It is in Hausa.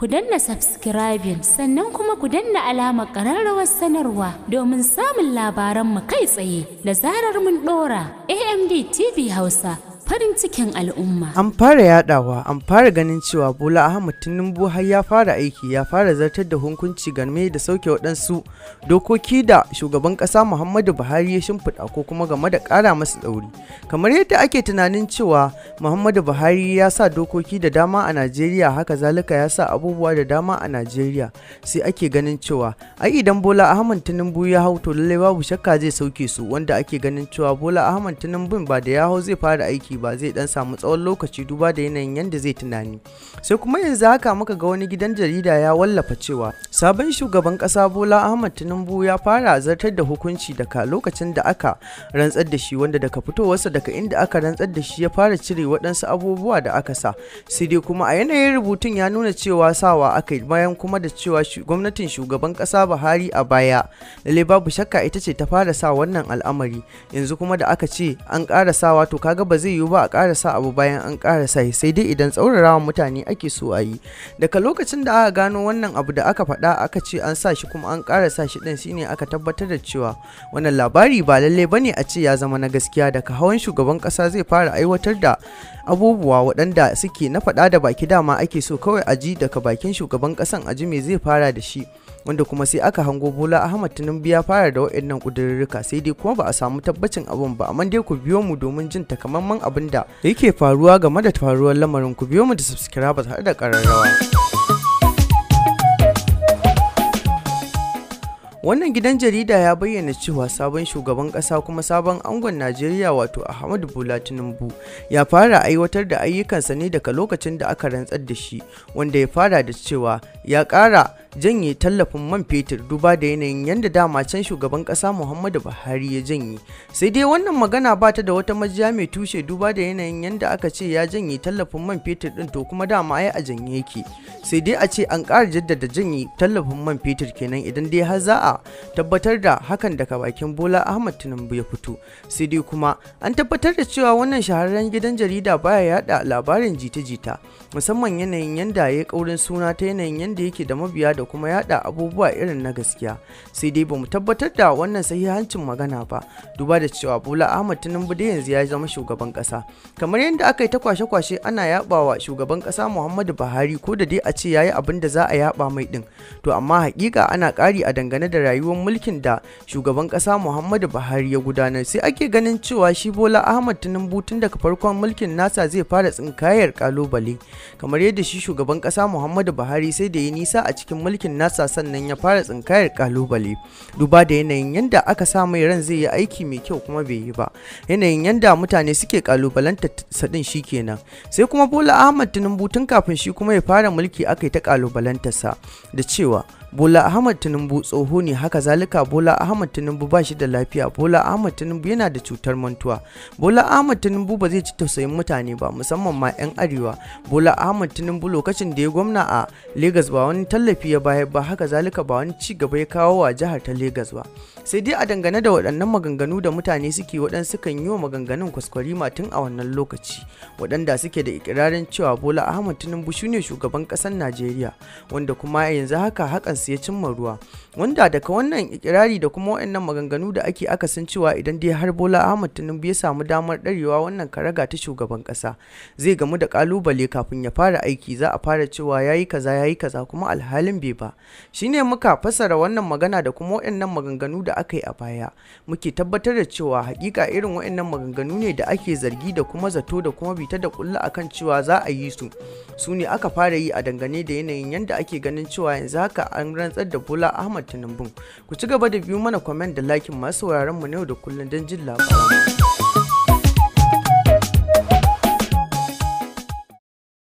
ku danna subscribing sannan kuma ku danna alamar ƙararrawar sanarwa domin samun labaranmu kai tsaye da zarar mun ɗora amd tv hausa farin cikin al'umma. An fara yadawa, an fara ganin cewa Bola Ahmad Tinubu har ya fara aiki ya fara zartar da hukunci game da sauke waɗansu dokoki da shugaban ƙasa Muhammadu Buhari ya shimfiɗa ko kuma game da ƙara masa ɗauri. Kamar yadda ake tunanin cewa Muhammadu Buhari ya sa dokoki da dama a Najeriya haka zalika ya sa abubuwa da dama a Najeriya sai ake ganin cewa ai idan Bola Ahmad Tinubu ya hau to lallai babu shakka zai sauke su wanda ake ganin cewa Bola Ahmad Tinubu ba da ya hau zai fara aiki ba zai dan samu tsawon lokaci duba da yanayin yadda zai tunani sai kuma yanzu haka muka ga wani gidan jarida ya wallafa cewa sabon shugaban kasa bola ahmad tinubu ya fara zartar da hukunci daga lokacin da aka rantsar da shi wanda daga fitowarsa daga inda aka rantsar da shi ya fara cire waɗansu abubuwa da aka sa sai dai kuma a yanayin rubutun ya nuna cewa sawa aka yi bayan kuma da cewa gwamnatin shugaban kasa buhari a baya lalle babu shakka ita ce ta fara sa wannan al'amari yanzu kuma da aka ce an ƙara sawa to kaga ba zai yiwu ba a karasa abu bayan an karasa shi sai dai idan tsaurarawa mutane ake so a yi daga lokacin da aka gano wannan abu da aka faɗa aka ce an sa shi kuma an karasa shi din shine aka tabbatar da cewa wannan labari ba lalle bane a ce ya zama na gaskiya daga hawan shugaban kasa zai fara aiwatar da abubuwa waɗanda suke na faɗa da baki dama ake so kawai a ji daga bakin shugaban ƙasan a ji me zai fara da shi wanda kuma sai aka hango bola ahmad tinubu ya fara da waɗannan ƙudurruka sai dai kuma ba a samu tabbacin abun ba amma dai ku biyo mu domin jin takamaiman abin da yake faruwa game da faruwar lamarin ku biyo mu da subscribe tare da ƙararrawa. wannan gidan jarida ya bayyana cewa sabon shugaban kasa kuma sabon angon najeriya wato ahmadu bola tinubu ya fara aiwatar da ayyukansa ne daga lokacin da aka rantsar da shi wanda ya fara da cewa ya kara janye tallafin man fetur duba da yanayin yadda dama can shugaban kasa muhammadu buhari ya janye sai dai wannan magana ba ta da wata majiya mai tushe duba da yanayin yadda aka ce ya janye tallafin man fetur din to kuma dama ai a janye yake sai dai a ce an kara jaddada janye tallafin man fetur kenan idan dai har za a a tabbatar da hakan daga bakin bola ahmad tinubu ya fito sai dai kuma an tabbatar da cewa wannan shahararren gidan jarida baya yada labarin jita-jita musamman yanayin yanda ya kaurin suna ta yanayin yanda yake da mabiya da kuma yada abubuwa irin na gaskiya sai dai bamu tabbatar da wannan sahihancin magana ba duba da cewa bola ahmad tinubu da yanzu ya zama shugaban kasa kamar yadda aka yi ta kwashe-kwashe ana yabawa shugaban kasa muhammadu buhari ko da dai a ce yayi abin da za a yaba mai din to amma hakika ana kari a dangane da da rayuwar mulkin da shugaban kasa Muhammadu Buhari ya gudanar sai ake ganin cewa shi Bola Ahmad Tinubu tun daga farkon mulkin nasa zai fara tsinkayar kalubale kamar yadda shi shugaban kasa Muhammadu Buhari sai da ya nisa a cikin mulkin nasa sannan ya fara tsinkayar kalubale duba da yanayin yanda aka sa mai ran zai yi aiki mai kyau kuma bai yi ba yanayin yanda mutane suke kalubalanta sadin shi kenan sai kuma Bola Ahmad Tinubu tun kafin shi kuma ya fara mulki aka yi ta kalubalantarsa da cewa Bola Ahmad Tinubu tsoho ne ne haka zalika bola ahmad tinubu ba shi da lafiya bola ahmad tinubu yana da cutar mantuwa bola ahmad tinubu ba zai ci tausayin mutane ba musamman ma 'yan arewa bola ahmad tinubu lokacin da ya gwamna a Legas ba wani tallafi ya bayar ba haka zalika ba wani ci gaba ya kawo wa jihar ta Legas ba sai dai a dangane da waɗannan maganganu da mutane suke waɗanda kan yi wa maganganun ma tun a wannan lokaci waɗanda suke da ikirarin cewa bola ahmad tinubu shine shugaban ƙasar najeriya wanda kuma yanzu haka hakan su ya cimma ruwa wanda da daga wannan ikirari da kuma waɗannan maganganu da ake akasin cewa idan dai har bola ahmad tinubu ya samu damar ɗarewa wannan karaga ta shugaban kasa zai gamu da kalubale kafin ya fara aiki za a fara cewa ya yi kaza ya yi kaza kuma alhalin bai ba shine muka fassara wannan magana da kuma waɗannan maganganu da aka yi a baya muke tabbatar da cewa hakika irin waɗannan maganganu ne da ake zargi da kuma zato da kuma bita da kulla akan cewa za a yi su su ne aka fara yi a dangane da yanayin yadda ake ganin cewa yanzu haka an rantsar da bola ahmad tinubu ku ci gaba da biyu mana comment da like masu sauraron mu na da kullun don jin labaran